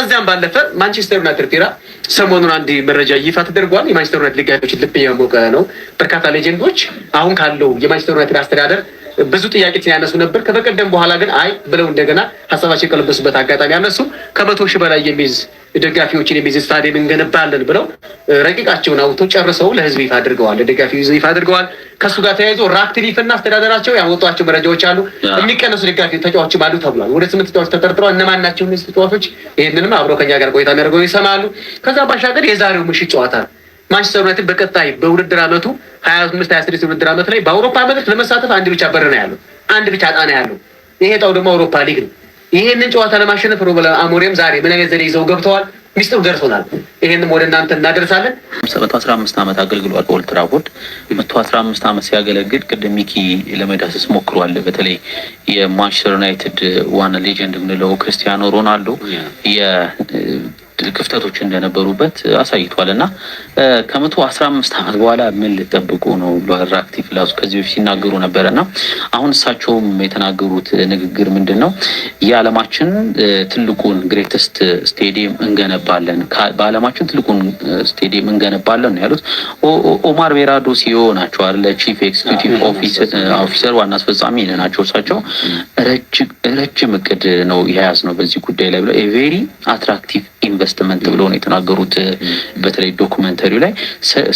ከዚያም ባለፈ ማንቸስተር ዩናይትድ ቴራ ሰሞኑን አንድ መረጃ ይፋ ተደርጓል። የማንቸስተር ዩናይትድ ደጋፊዎችን ልብ ያሞቀ ነው። በርካታ ሌጀንዶች አሁን ካለው የማንቸስተር ዩናይትድ አስተዳደር ብዙ ጥያቄዎችን ያነሱ ነበር። ከበቀደም በኋላ ግን አይ ብለው እንደገና ሀሳባቸው የቀለበሱበት አጋጣሚ ያነሱ ከመቶ ሺህ በላይ የሚይዝ ደጋፊዎችን የሚይዝ ስታዲየም እንገነባለን ብለው ረቂቃቸውን አውቶ ጨርሰው ለህዝብ ይፋ አድርገዋል፣ ለደጋፊው ይፋ አድርገዋል። ከእሱ ጋር ተያይዞ ራክትሊፍና አስተዳደራቸው ያወጧቸው መረጃዎች አሉ። የሚቀነሱ ደጋፊ ተጫዋቾችም አሉ ተብሏል። ወደ ስምንት ተጫዋቾች ተጠርጥረዋል። እነማን ናቸው እነዚህ ተጫዋቾች? ይህንንም አብረው ከኛ ጋር ቆይታ የሚያደርገው ይሰማሉ። ከዛ ባሻገር የዛሬው ምሽት ጨዋታ ነው። ማንቸስተር ዩናይትድ በቀጣይ በውድድር አመቱ ሀያ አምስት ሀያ ስድስት ውድድር አመት ላይ በአውሮፓ መድረክ ለመሳተፍ አንድ ብቻ በር ነው ያለው፣ አንድ ብቻ ጣና ያለው። ይሄ ጣው ደግሞ አውሮፓ ሊግ ነው። ይህንን ጨዋታ ለማሸነፍ ሩበን አሞሪም ዛሬ ምን አይነት ዘዴ ይዘው ገብተዋል? ሚስጥሩ ደርሶናል። ይሄንም ወደ እናንተ እናደርሳለን። መቶ አስራ አምስት ዓመት አገልግሏል። ኦልድ ትራፎርድ መቶ አስራ አምስት ዓመት ሲያገለግል ቅድም ሚኪ ለመዳሰስ ሞክሯል። በተለይ የማንቸስተር ዩናይትድ ዋና ሌጀንድ የምንለው ክርስቲያኖ ሮናልዶ ክፍተቶች እንደነበሩበት አሳይቷል እና ከመቶ አስራ አምስት ዓመት በኋላ ምን ልጠብቁ ነው ብሏል ራክቲቭ ላሱ ከዚህ በፊት ሲናገሩ ነበረ እና አሁን እሳቸውም የተናገሩት ንግግር ምንድን ነው የዓለማችን ትልቁን ግሬተስት ስቴዲየም እንገነባለን በዓለማችን ትልቁን ስቴዲየም እንገነባለን ነው ያሉት። ኦማር ቤራዶ ሲዮ ናቸው አለ ቺፍ ኤክስኪዩቲቭ ኦፊሰር ዋና አስፈጻሚ ናቸው እሳቸው ረጅም እቅድ ነው የያዝ ነው በዚህ ጉዳይ ላይ ብለው ቬሪ አትራክቲቭ ኢንቨስት ኢንቨስትመንት ብለው ነው የተናገሩት። በተለይ ዶኩመንተሪው ላይ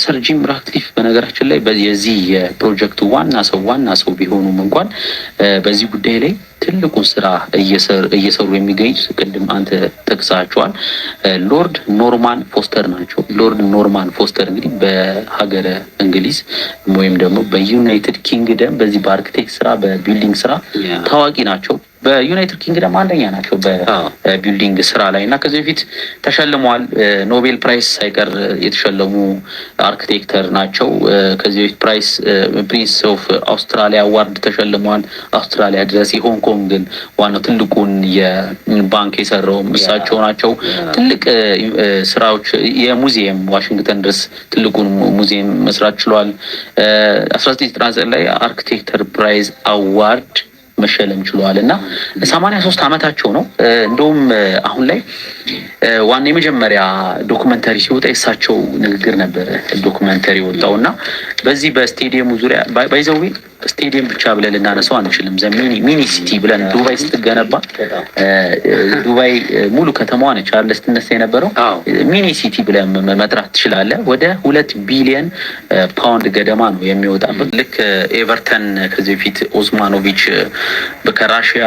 ሰር ጂም ራትክሊፍ በነገራችን ላይ የዚህ የፕሮጀክቱ ዋና ሰው ዋና ሰው ቢሆኑም እንኳን በዚህ ጉዳይ ላይ ትልቁን ስራ እየሰሩ የሚገኙት ቅድም አንተ ጠቅሳቸዋል ሎርድ ኖርማን ፎስተር ናቸው። ሎርድ ኖርማን ፎስተር እንግዲህ በሀገረ እንግሊዝ ወይም ደግሞ በዩናይትድ ኪንግደም በዚህ በአርክቴክት ስራ በቢልዲንግ ስራ ታዋቂ ናቸው። በዩናይትድ ኪንግደም አንደኛ ናቸው በቢልዲንግ ስራ ላይ እና ከዚህ በፊት ተሸልመዋል። ኖቤል ፕራይስ ሳይቀር የተሸለሙ አርክቴክተር ናቸው። ከዚህ በፊት ፕራይስ ፕሪንስ ኦፍ አውስትራሊያ አዋርድ ተሸልመዋል። አውስትራሊያ ድረስ የሆንግ ኮንግን ዋናው ትልቁን የባንክ የሰራው እሳቸው ናቸው። ትልቅ ስራዎች የሙዚየም ዋሽንግተን ድረስ ትልቁን ሙዚየም መስራት ችሏል። አስራ ዘጠኝ ዘጠና ዘጠኝ ላይ አርክቴክተር ፕራይዝ አዋርድ መሸለም ችሏል እና ሰማንያ ሶስት ዓመታቸው ነው። እንደውም አሁን ላይ ዋና የመጀመሪያ ዶክመንተሪ ሲወጣ የእሳቸው ንግግር ነበረ ዶክመንተሪ ወጣው እና በዚህ በስቴዲየሙ ዙሪያ ባይዘዌ ስቴዲየም ብቻ ብለን ልናነሳው አንችልም። ሚኒ ሲቲ ብለን ዱባይ ስትገነባ ዱባይ ሙሉ ከተማዋ ነች አለ ስትነሳ የነበረው ሚኒ ሲቲ ብለን መጥራት ትችላለህ። ወደ ሁለት ቢሊየን ፓውንድ ገደማ ነው የሚወጣበት። ልክ ኤቨርተን ከዚህ በፊት ኦስማኖቪች ከራሽያ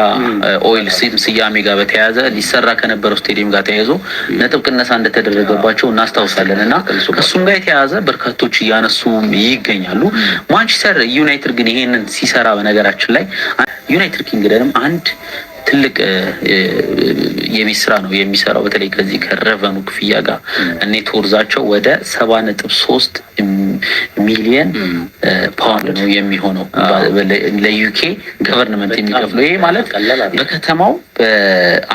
ኦይል ስያሜ ጋር በተያያዘ ሊሰራ ከነበረው ስቴዲየም ጋር ተያይዞ ነጥብ ቅነሳ እንደተደረገባቸው እናስታውሳለን እና እሱም ጋር የተያያዘ በርካቶች እያነሱ ይገኛሉ። ማንቸስተር ዩናይትድ ግን ይሄ ይህንን ሲሰራ በነገራችን ላይ ዩናይትድ ኪንግደንም አንድ ትልቅ የቤት ስራ ነው የሚሰራው። በተለይ ከዚህ ከረቨኑ ክፍያ ጋር እኔ ቶርዛቸው ወደ ሰባ ነጥብ ሶስት ሚሊየን ፓውንድ ነው የሚሆነው ለዩኬ ገቨርንመንት የሚከፍለው። ይሄ ማለት በከተማው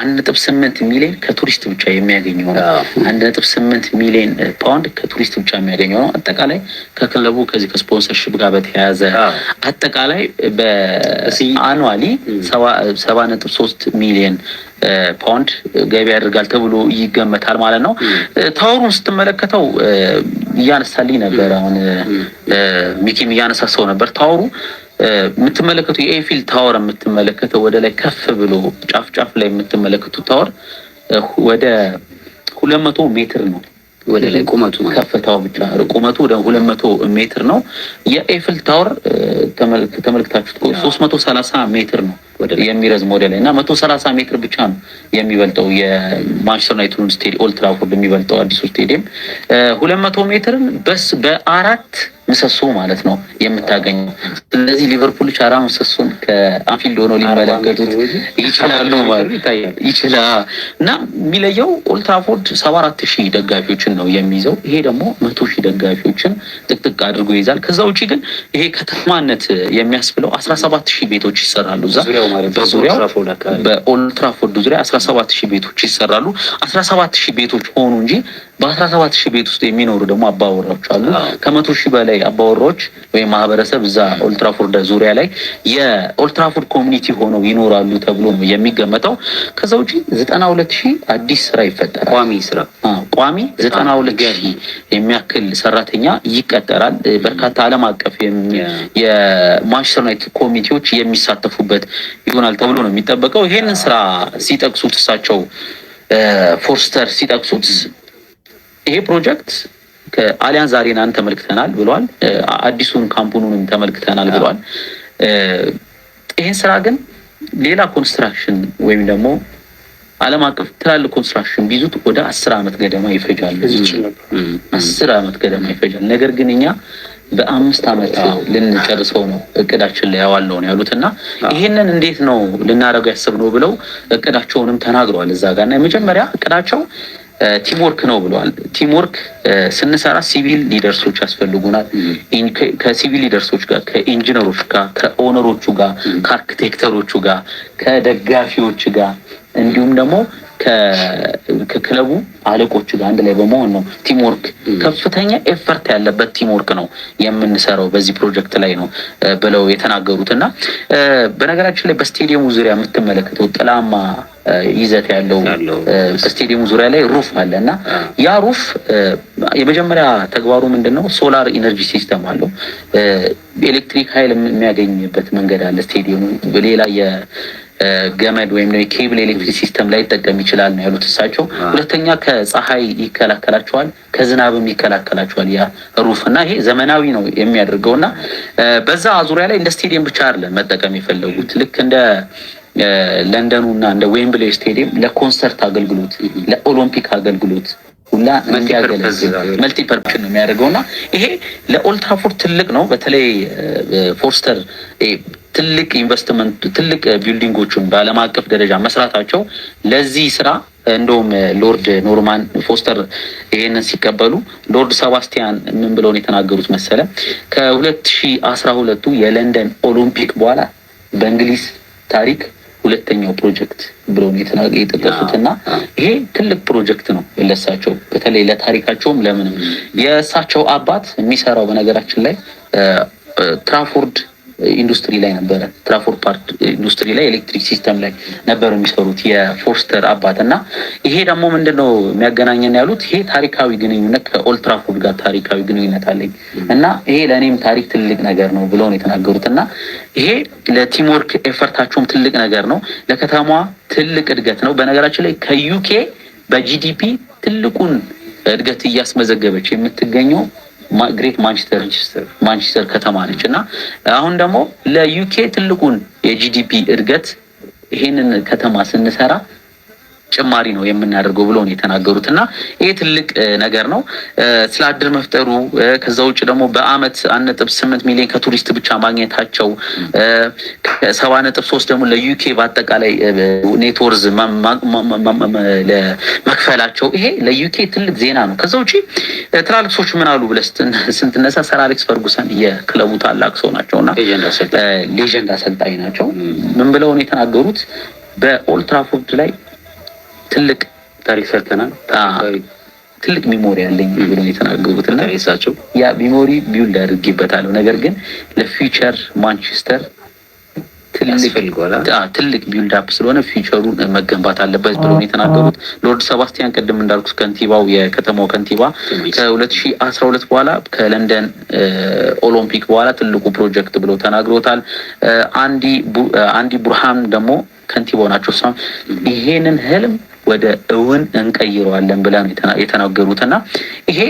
አንድ ነጥብ ስምንት ሚሊየን ከቱሪስት ብቻ የሚያገኘው ነው። አንድ ነጥብ ስምንት ሚሊዮን ፓውንድ ከቱሪስት ብቻ የሚያገኘው ነው። አጠቃላይ ከክለቡ ከዚህ ከስፖንሰርሽፕ ጋር በተያያዘ አጠቃላይ በአንዋሊ ሰባ ነጥብ ሶስት ሚሊየን ፓውንድ ገቢ ያደርጋል ተብሎ ይገመታል ማለት ነው። ታወሩን ስትመለከተው እያነሳልኝ ነበር። አሁን ሚኪም እያነሳሰው ነበር። ታወሩ የምትመለከተው የኤፊል ታወር የምትመለከተው ወደ ላይ ከፍ ብሎ ጫፍ ጫፍ ላይ የምትመለከቱት ታወር ወደ ሁለት መቶ ሜትር ነው ወደ ላይ ቁመቱ ከፍታው ብቻ ቁመቱ ወደ ሁለት መቶ ሜትር ነው። የኤፍል ታወር ተመልክታችሁት ሶስት መቶ ሰላሳ ሜትር ነው። የሚረዝም ወደላይ እና መቶ ሰላሳ ሜትር ብቻ ነው የሚበልጠው የማንቸስተር ዩናይትዱን ስቴዲየም ኦልድ ትራፎርድ የሚበልጠው አዲሱ ስቴዲየም ሁለት መቶ ሜትርን በስ በአራት ምሰሶ ማለት ነው የምታገኘው። ስለዚህ ሊቨርፑሎች አራ ምሰሶን ከአንፊልድ ሆነው ሊመለከቱት ይችላሉ ማለት ይችላ እና የሚለየው ኦልድ ትራፎርድ ሰባ አራት ሺህ ደጋፊዎችን ነው የሚይዘው። ይሄ ደግሞ መቶ ሺህ ደጋፊዎችን ጥቅጥቅ አድርጎ ይይዛል። ከዛ ውጭ ግን ይሄ ከተማነት የሚያስብለው አስራ ሰባት ሺህ ቤቶች ይሰራሉ እዛ በዙሪያው በኦልትራፎርድ ዙሪያ አስራ ሰባት ሺህ ቤቶች ይሰራሉ። አስራ ሰባት ሺህ ቤቶች ሆኑ እንጂ በአስራ ሰባት ሺህ ቤት ውስጥ የሚኖሩ ደግሞ አባወራዎች አሉ። ከመቶ ሺህ በላይ አባወራዎች ወይም ማህበረሰብ እዛ ኦልትራፎርድ ዙሪያ ላይ የኦልትራፎርድ ኮሚኒቲ ሆነው ይኖራሉ ተብሎ የሚገመተው። ከዛ ውጪ ዘጠና ሁለት ሺህ አዲስ ስራ ይፈጠራል። ቋሚ ስራ ቋሚ ዘጠና ሁለት ሺህ የሚያክል ሰራተኛ ይቀጠራል። በርካታ ዓለም አቀፍ የማሽተርናይት ኮሚቴዎች የሚሳተፉበት ይሆናል ተብሎ ነው የሚጠበቀው። ይሄንን ስራ ሲጠቅሱት እሳቸው ፎርስተር ሲጠቅሱት ይሄ ፕሮጀክት ከአሊያንስ አሬናን ተመልክተናል ብሏል። አዲሱን ካምፑኑንም ተመልክተናል ብሏል። ይሄን ስራ ግን ሌላ ኮንስትራክሽን ወይም ደግሞ ዓለም አቀፍ ትላልቅ ኮንስትራክሽን ቢዙት ወደ አስር ዓመት ገደማ ይፈጃል። አስር ዓመት ገደማ ይፈጃል። ነገር ግን እኛ በአምስት ዓመት ልንጨርሰው ነው እቅዳችን ላይ ያዋለው ነው ያሉት እና ይህንን እንዴት ነው ልናደርገው ያስብነው ብለው እቅዳቸውንም ተናግረዋል እዛ ጋር እና የመጀመሪያ እቅዳቸው ቲምወርክ ነው ብለዋል። ቲምወርክ ስንሰራ ሲቪል ሊደርሶች ያስፈልጉናል። ከሲቪል ሊደርሶች ጋር፣ ከኢንጂነሮች ጋር፣ ከኦነሮቹ ጋር፣ ከአርክቴክተሮቹ ጋር፣ ከደጋፊዎች ጋር እንዲሁም ደግሞ ከክለቡ አለቆቹ ጋር አንድ ላይ በመሆን ነው። ቲምወርክ ከፍተኛ ኤፈርት ያለበት ቲምወርክ ነው የምንሰራው በዚህ ፕሮጀክት ላይ ነው ብለው የተናገሩት እና በነገራችን ላይ በስቴዲየሙ ዙሪያ የምትመለከተው ጥላማ ይዘት ያለው በስቴዲየሙ ዙሪያ ላይ ሩፍ አለ እና ያ ሩፍ የመጀመሪያ ተግባሩ ምንድን ነው? ሶላር ኢነርጂ ሲስተም አለው። ኤሌክትሪክ ኃይል የሚያገኝበት መንገድ አለ ስቴዲየሙ ሌላ ገመድ ወይም የኬብል ኤሌክትሪክ ሲስተም ላይ ይጠቀም ይችላል ነው ያሉት እሳቸው። ሁለተኛ ከፀሐይ ይከላከላቸዋል፣ ከዝናብም ይከላከላቸዋል ያ ሩፍ እና ይሄ ዘመናዊ ነው የሚያደርገው እና በዛ ዙሪያ ላይ እንደ ስቴዲየም ብቻ አይደለም መጠቀም የፈለጉት ልክ እንደ ለንደኑ እና እንደ ዌምብሌ ስቴዲየም ለኮንሰርት አገልግሎት፣ ለኦሎምፒክ አገልግሎት ሁላ መልቲፐርፕሽን ነው የሚያደርገው እና ይሄ ለኦልትራፎርድ ትልቅ ነው። በተለይ ፎርስተር ትልቅ ኢንቨስትመንት ትልቅ ቢልዲንጎቹን በዓለም አቀፍ ደረጃ መስራታቸው ለዚህ ስራ እንደውም ሎርድ ኖርማን ፎስተር ይሄንን ሲቀበሉ ሎርድ ሰባስቲያን ምን ብለውን የተናገሩት መሰለ ከሁለት ሺ አስራ ሁለቱ የለንደን ኦሎምፒክ በኋላ በእንግሊዝ ታሪክ ሁለተኛው ፕሮጀክት ብሎ የጠቀሱት እና ይሄ ትልቅ ፕሮጀክት ነው ለሳቸው፣ በተለይ ለታሪካቸውም ለምንም የእሳቸው አባት የሚሰራው በነገራችን ላይ ትራፎርድ ኢንዱስትሪ ላይ ነበረ፣ ትራፎር ፓርት ኢንዱስትሪ ላይ ኤሌክትሪክ ሲስተም ላይ ነበሩ የሚሰሩት የፎርስተር አባት እና ይሄ ደግሞ ምንድነው የሚያገናኘን ያሉት ይሄ ታሪካዊ ግንኙነት ከኦልትራፎርድ ጋር ታሪካዊ ግንኙነት አለኝ እና ይሄ ለእኔም ታሪክ ትልቅ ነገር ነው ብለው ነው የተናገሩት እና ይሄ ለቲምወርክ ኤፈርታቸውም ትልቅ ነገር ነው፣ ለከተማዋ ትልቅ እድገት ነው። በነገራችን ላይ ከዩኬ በጂዲፒ ትልቁን እድገት እያስመዘገበች የምትገኘው ግሬት ማንቸስተር ማንቸስተር ከተማ ነች እና አሁን ደግሞ ለዩኬ ትልቁን የጂዲፒ እድገት ይሄንን ከተማ ስንሰራ ጭማሪ ነው የምናደርገው ብሎ ነው የተናገሩት እና ይሄ ትልቅ ነገር ነው ስለ አድር መፍጠሩ። ከዛ ውጭ ደግሞ በአመት አንድ ነጥብ ስምንት ሚሊዮን ከቱሪስት ብቻ ማግኘታቸው ሰባ ነጥብ ሶስት ደግሞ ለዩኬ በአጠቃላይ ኔትወርዝ መክፈላቸው ይሄ ለዩኬ ትልቅ ዜና ነው። ከዛ ውጭ ትላልቅ ሰዎች ምን አሉ ብለህ ስንትነሳ ሰር አሌክስ ፈርጉሰን የክለቡ ታላቅ ሰው ናቸው እና ሌጀንድ አሰልጣኝ ናቸው። ምን ብለው ነው የተናገሩት በኦልትራፎርድ ላይ ትልቅ ታሪክ ሰርተናል። ትልቅ ሚሞሪ አለኝ ብሎ የተናገሩት እና ቤሳቸው ያ ሚሞሪ ቢውልድ አድርጌበታለሁ። ነገር ግን ለፊውቸር ማንቸስተር ትልቅ ቢውልድ አፕ ስለሆነ ፊውቸሩ መገንባት አለበት ብሎ የተናገሩት ሎርድ ሰባስቲያን ቅድም እንዳልኩት ከንቲባው የከተማው ከንቲባ ከ2012 በኋላ ከለንደን ኦሎምፒክ በኋላ ትልቁ ፕሮጀክት ብሎ ተናግሮታል። አንዲ ቡርሃም ደግሞ ከንቲባው ናቸው። እሷም ይሄንን ህልም ወደ እውን እንቀይረዋለን ብለን የተናገሩት እና ይሄ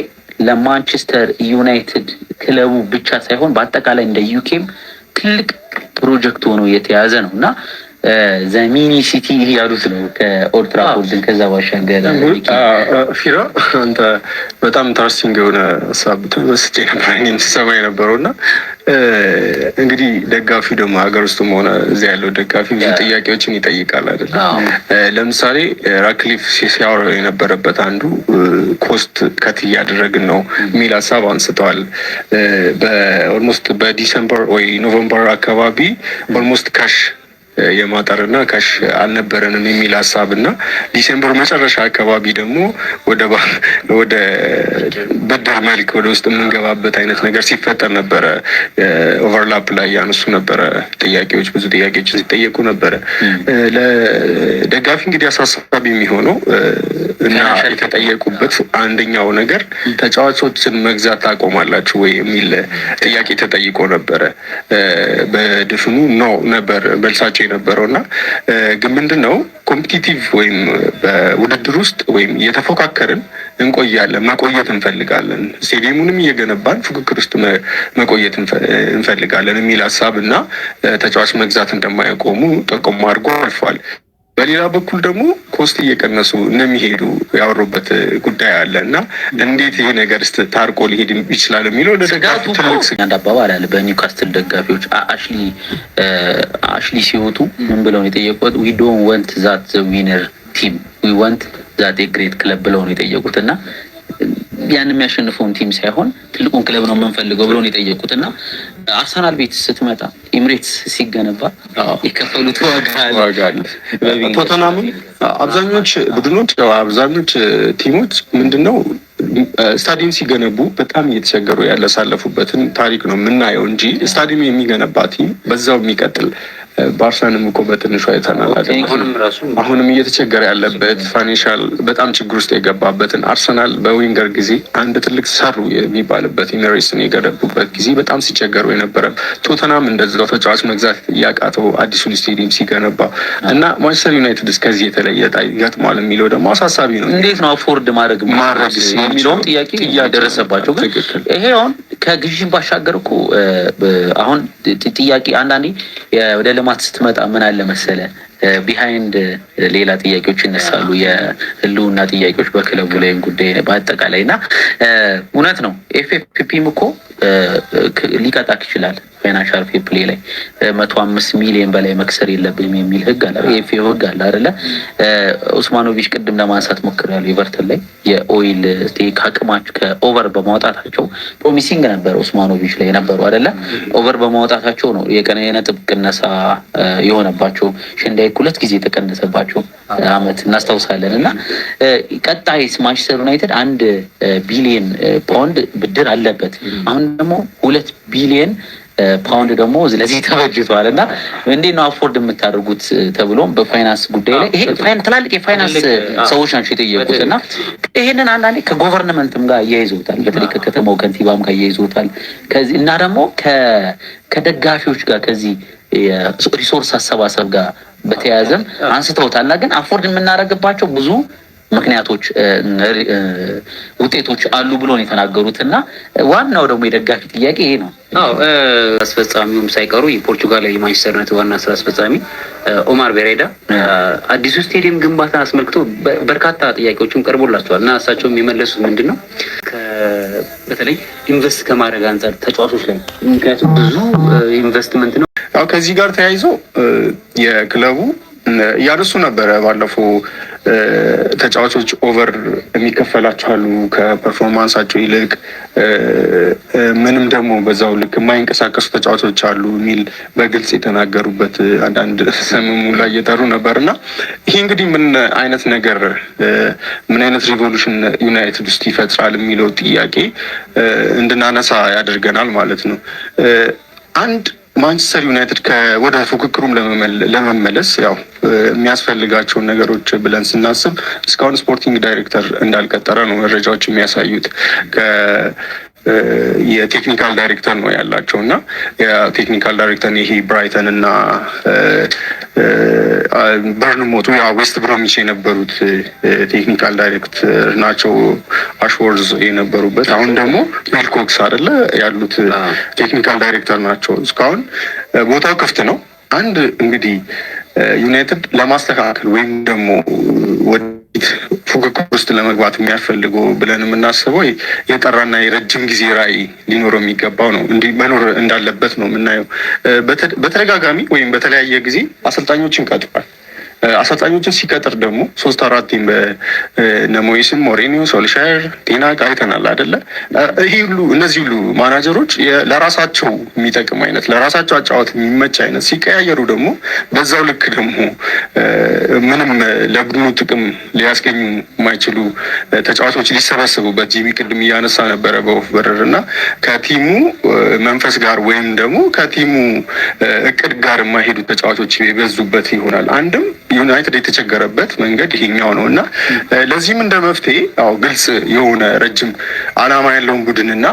ለማንቸስተር ዩናይትድ ክለቡ ብቻ ሳይሆን በአጠቃላይ እንደ ዩኬም ትልቅ ፕሮጀክት ሆኖ የተያዘ ነው እና ዘሚኒ ሲቲ ያሉት ነው። ከኦልድ ትራፎርድን ከዛ ባሻገር ፊራ አንተ በጣም ኢንተረስቲንግ የሆነ ሀሳብ መስጬ ነበር ስሰማ የነበረው እና እንግዲህ ደጋፊው ደግሞ ሀገር ውስጥ ሆነ እዚ ያለው ደጋፊ ብዙ ጥያቄዎችን ይጠይቃል አይደለ? ለምሳሌ ራክሊፍ ሲያወራ የነበረበት አንዱ ኮስት ከት እያደረግን ነው የሚል ሀሳብ አንስተዋል። በኦልሞስት በዲሰምበር ወይ ኖቨምበር አካባቢ ኦልሞስት ካሽ የማጠርና ካሽ አልነበረንም የሚል ሀሳብ እና ዲሴምበር መጨረሻ አካባቢ ደግሞ ወደ ወደ ብድር መልክ ወደ ውስጥ የምንገባበት አይነት ነገር ሲፈጠር ነበረ። ኦቨርላፕ ላይ ያነሱ ነበረ ጥያቄዎች፣ ብዙ ጥያቄዎችን ሲጠየቁ ነበረ። ለደጋፊ እንግዲህ አሳሳቢ የሚሆነው እና የተጠየቁበት አንደኛው ነገር ተጫዋቾችን መግዛት ታቆማላችሁ ወይ የሚል ጥያቄ ተጠይቆ ነበረ። በድፍኑ ነው ነበር መልሳቸው የነበረው እና ግን ምንድን ነው ኮምፒቲቲቭ ወይም በውድድር ውስጥ ወይም እየተፎካከርን እንቆያለን፣ መቆየት እንፈልጋለን፣ ስቴዲየሙንም እየገነባን ፉክክር ውስጥ መቆየት እንፈልጋለን የሚል ሀሳብ እና ተጫዋች መግዛት እንደማይቆሙ ጠቆሙ አድርጎ አልፏል። በሌላ በኩል ደግሞ ኮስት እየቀነሱ እንደሚሄዱ ያወሩበት ጉዳይ አለ እና እንዴት ይሄ ነገር ስ ታርቆ ሊሄድ ይችላል የሚለው አንድ አባባል አለ። በኒውካስትል ደጋፊዎች አሽሊ ሲወጡ ምን ብለው ነው የጠየቁት? ዊ ዶንት ወንት ዛት ዊነር ቲም ዊ ወንት ዛት ግሬት ክለብ ብለው ነው የጠየቁት እና ያን የሚያሸንፈውን ቲም ሳይሆን ትልቁን ክለብ ነው የምንፈልገው ብሎን የጠየቁት እና አርሰናል ቤት ስትመጣ ኤምሬትስ ሲገነባ የከፈሉት ዋጋ ቶተናም አብዛኞች ቡድኖች አብዛኞች ቲሞች ምንድነው ስታዲየም ሲገነቡ በጣም እየተቸገሩ ያለሳለፉበትን ታሪክ ነው የምናየው እንጂ ስታዲየም የሚገነባ ቲም በዛው የሚቀጥል ባርሳንም እኮ በትንሹ አይተናል። አሁንም እየተቸገረ ያለበት ፋይናንሻል በጣም ችግር ውስጥ የገባበትን አርሰናል በዊንገር ጊዜ አንድ ትልቅ ሰሩ የሚባልበት ኢሜሬትስን የገነቡበት ጊዜ በጣም ሲቸገሩ የነበረ፣ ቶተናም እንደዛው ተጫዋች መግዛት ያቃተው አዲሱን ስቴዲየም ሲገነባ እና ማንቸስተር ዩናይትድ እስከዚህ የተለየ ዕጣ ይገጥመዋል የሚለው ደግሞ አሳሳቢ ነው። እንዴት ነው አፎርድ ማድረግ ማድረግ የሚለውም ጥያቄ እያደረሰባቸው ግን ይሄ አሁን ከግዥን ባሻገር እኮ አሁን ጥያቄ አንዳንዴ ወደ ልማት ስትመጣ ምን አለ መሰለ ቢሃይንድ ሌላ ጥያቄዎች ይነሳሉ፣ የህልውና ጥያቄዎች በክለቡ ላይም ጉዳይ በአጠቃላይ እና እውነት ነው ኤፍኤፍፒም እኮ ሊቀጣክ ይችላል። ፋይናንሻል ፌር ፕሌይ ላይ መቶ አምስት ሚሊዮን በላይ መክሰር የለብም የሚል ህግ አለ፣ የኤፍኤው ህግ አለ አይደለ? ኡስማኖቪች ቅድም ለማንሳት ሞክረዋል። ኤቨርተን ላይ የኦይል ቴክ አቅማቸው ከኦቨር በማውጣታቸው ፕሮሚሲንግ ነበር ኡስማኖቪች ላይ የነበሩ አይደለ? ኦቨር በማውጣታቸው ነው የቀነ የነጥብ ቅነሳ የሆነባቸው። ሸንዳይክ ሁለት ጊዜ የተቀነሰባቸው አመት እናስታውሳለን። እና ቀጣይ ማንቸስተር ዩናይትድ አንድ ቢሊየን ፓውንድ ብድር አለበት አሁን ደግሞ ሁለት ቢሊየን ፓውንድ ደግሞ ስለዚህ ተበጅቷል እና እንዴት ነው አፎርድ የምታደርጉት ተብሎም በፋይናንስ ጉዳይ ላይ ይሄ ትላልቅ የፋይናንስ ሰዎች ናቸው የጠየቁት እና ይህንን አንዳንዴ ከጎቨርንመንትም ጋር እያይዘውታል በተለይ ከከተማው ከንቲባም ጋር ከዚህ እና ደግሞ ከደጋፊዎች ጋር ከዚህ ሪሶርስ አሰባሰብ ጋር በተያያዘም አንስተውታልና ግን አፎርድ የምናደርግባቸው ብዙ ምክንያቶች፣ ውጤቶች አሉ ብሎ ነው የተናገሩት እና ዋናው ደግሞ የደጋፊ ጥያቄ ይሄ ነው። አስፈጻሚውም ሳይቀሩ የፖርቹጋል የማንቸስተር ዩናይትድ ዋና ስራ አስፈጻሚ ኦማር ቤሬዳ አዲሱ ስቴዲየም ግንባታን አስመልክቶ በርካታ ጥያቄዎችም ቀርቦላቸዋል እና እሳቸውም የመለሱት ምንድን ነው በተለይ ኢንቨስት ከማድረግ አንጻር ተጫዋቾች ላይ ምክንያቱም ብዙ ኢንቨስትመንት ነው። ከዚህ ጋር ተያይዞ የክለቡ እያነሱ ነበረ ባለፈው ተጫዋቾች ኦቨር የሚከፈላቸው አሉ ከፐርፎርማንሳቸው ይልቅ ምንም ደግሞ በዛው ልክ የማይንቀሳቀሱ ተጫዋቾች አሉ የሚል በግልጽ የተናገሩበት አንዳንድ ሰምሙ ላይ እየጠሩ ነበር እና ይህ እንግዲህ ምን አይነት ነገር ምን አይነት ሪቮሉሽን ዩናይትድ ውስጥ ይፈጥራል የሚለው ጥያቄ እንድናነሳ ያደርገናል ማለት ነው። አንድ ማንቸስተር ዩናይትድ ወደ ፉክክሩም ለመመለስ ያው የሚያስፈልጋቸውን ነገሮች ብለን ስናስብ እስካሁን ስፖርቲንግ ዳይሬክተር እንዳልቀጠረ ነው መረጃዎች የሚያሳዩት። የቴክኒካል ዳይሬክተር ነው ያላቸው እና የቴክኒካል ዳይሬክተር ይሄ ብራይተን እና በርንሞቱ ያ ዌስት ብሮሚች የነበሩት ቴክኒካል ዳይሬክተር ናቸው አሽወርዝ የነበሩበት። አሁን ደግሞ ዊልኮክስ አይደለ ያሉት ቴክኒካል ዳይሬክተር ናቸው። እስካሁን ቦታው ክፍት ነው። አንድ እንግዲህ ዩናይትድ ለማስተካከል ወይም ደግሞ ፉክክር ውስጥ ለመግባት የሚያስፈልጉ ብለን የምናስበው የጠራና የረጅም ጊዜ ራዕይ ሊኖረው የሚገባው ነው። እንዲህ መኖር እንዳለበት ነው የምናየው። በተደጋጋሚ ወይም በተለያየ ጊዜ አሰልጣኞችን ቀጥሯል። አሰልጣኞችን ሲቀጥር ደግሞ ሶስት አራት ቲም በነሞይስም ሞሪኒዮ፣ ሶልሻር፣ ቴና ቃይተናል አደለ? ይሄ ሁሉ እነዚህ ሁሉ ማናጀሮች ለራሳቸው የሚጠቅም አይነት ለራሳቸው አጫወት የሚመች አይነት ሲቀያየሩ ደግሞ በዛው ልክ ደግሞ ምንም ለቡድኑ ጥቅም ሊያስገኙ የማይችሉ ተጫዋቾች ሊሰበሰቡበት ጂሚ ቅድም እያነሳ ነበረ በወፍ በረር እና ከቲሙ መንፈስ ጋር ወይም ደግሞ ከቲሙ እቅድ ጋር የማይሄዱ ተጫዋቾች የበዙበት ይሆናል አንድም ዩናይትድ የተቸገረበት መንገድ ይሄኛው ነው እና ለዚህም እንደ መፍትሄ አዎ ግልጽ የሆነ ረጅም አላማ ያለውን ቡድንና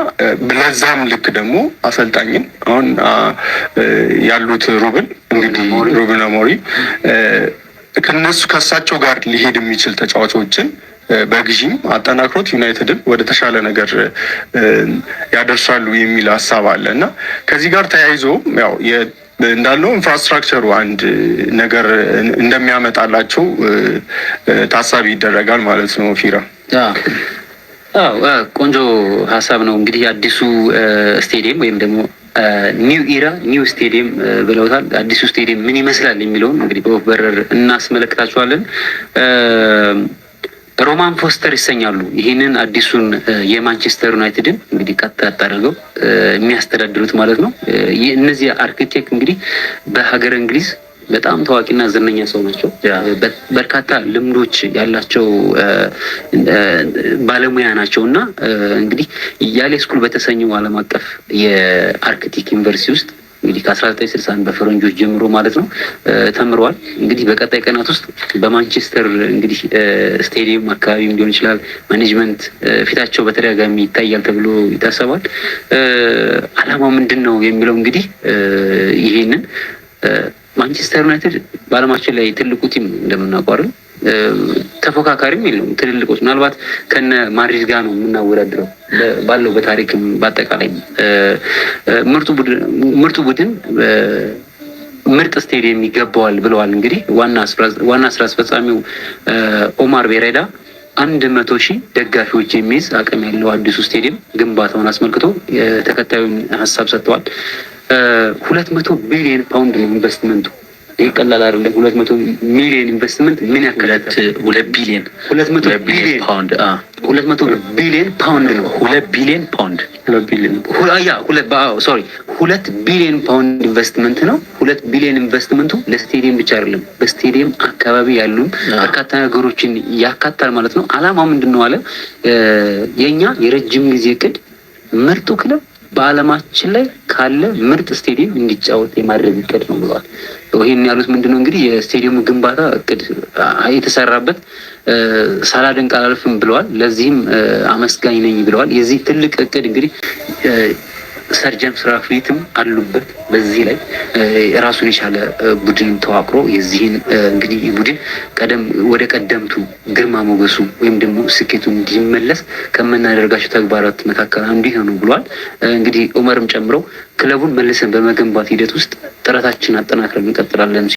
ለዛም ልክ ደግሞ አሰልጣኝን አሁን ያሉት ሩብን እንግዲህ ሩብን አሞሪም ከነሱ ከሳቸው ጋር ሊሄድ የሚችል ተጫዋቾችን በግዥም አጠናክሮት ዩናይትድን ወደ ተሻለ ነገር ያደርሳሉ የሚል ሀሳብ አለ እና ከዚህ ጋር ተያይዞ ያው እንዳለው ኢንፍራስትራክቸሩ አንድ ነገር እንደሚያመጣላቸው ታሳቢ ይደረጋል ማለት ነው። ፊራ ቆንጆ ሀሳብ ነው። እንግዲህ አዲሱ ስቴዲየም ወይም ደግሞ ኒው ኢራ ኒው ስቴዲየም ብለውታል። አዲሱ ስቴዲየም ምን ይመስላል የሚለውን እንግዲህ በወፍ በረር እናስመለክታችኋለን። ሮማን ፎስተር ይሰኛሉ። ይህንን አዲሱን የማንቸስተር ዩናይትድን እንግዲህ ቀጥ አድርገው የሚያስተዳድሩት ማለት ነው። እነዚህ አርክቴክት እንግዲህ በሀገር እንግሊዝ በጣም ታዋቂና ዝነኛ ሰው ናቸው። በርካታ ልምዶች ያላቸው ባለሙያ ናቸው እና እንግዲህ ያሌ ስኩል በተሰኘው ዓለም አቀፍ የአርክቴክ ዩኒቨርሲቲ ውስጥ እንግዲህ ከ1961 በፈረንጆች ጀምሮ ማለት ነው ተምረዋል። እንግዲህ በቀጣይ ቀናት ውስጥ በማንቸስተር እንግዲህ ስቴዲየም አካባቢም ሊሆን ይችላል ማኔጅመንት ፊታቸው በተደጋጋሚ ይታያል ተብሎ ይታሰባል። አላማው ምንድን ነው የሚለው እንግዲህ ይሄንን ማንቸስተር ዩናይትድ በአለማችን ላይ ትልቁ ቲም እንደምናውቀው ተፎካካሪም የለውም። ትልልቆች ምናልባት ከነ ማድሪድ ጋር ነው የምናወዳድረው ባለው በታሪክም በአጠቃላይ ምርጡ ቡድን ምርጥ ስቴዲየም ይገባዋል ብለዋል። እንግዲህ ዋና ስራ አስፈጻሚው ኦማር ቤሬዳ አንድ መቶ ሺህ ደጋፊዎች የሚይዝ አቅም ያለው አዲሱ ስቴዲየም ግንባታውን አስመልክቶ ተከታዩን ሀሳብ ሰጥተዋል። ሁለት መቶ ቢሊዮን ፓውንድ ነው ኢንቨስትመንቱ ይህ ቀላል አይደለም። ሁለት መቶ ሚሊዮን ኢንቨስትመንት ምን ያክል ሁለት ቢሊዮን ሁለት መቶ ቢሊዮን ፓውንድ ሁለት መቶ ቢሊዮን ፓውንድ ነው። ሁለት ቢሊዮን ፓውንድ ያ ሶሪ ሁለት ቢሊዮን ፓውንድ ኢንቨስትመንት ነው። ሁለት ቢሊዮን ኢንቨስትመንቱ ለስቴዲየም ብቻ አይደለም፣ በስቴዲየም አካባቢ ያሉ በርካታ ነገሮችን ያካታል ማለት ነው። አላማ ምንድን ነው አለ የእኛ የረጅም ጊዜ እቅድ ምርጡ ክለብ በዓለማችን ላይ ካለ ምርጥ ስቴዲየም እንዲጫወት የማድረግ እቅድ ነው ብለዋል። ይህን ያሉት ምንድን ነው እንግዲህ የስቴዲየሙ ግንባታ እቅድ የተሰራበት ሳላደንቅ አላልፍም ብለዋል። ለዚህም አመስጋኝ ነኝ ብለዋል። የዚህ ትልቅ እቅድ እንግዲህ ሰርጀን ስራፊትም አሉበት። በዚህ ላይ ራሱን የቻለ ቡድን ተዋቅሮ የዚህን እንግዲህ ቡድን ቀደም ወደ ቀደምቱ ግርማ ሞገሱ ወይም ደግሞ ስኬቱ እንዲመለስ ከምናደርጋቸው ተግባራት መካከል አንዱ ይሆኑ ብሏል። እንግዲህ ኡመርም ጨምረው ክለቡን መልሰን በመገንባት ሂደት ውስጥ ጥረታችንን አጠናክረን እንቀጥላለን።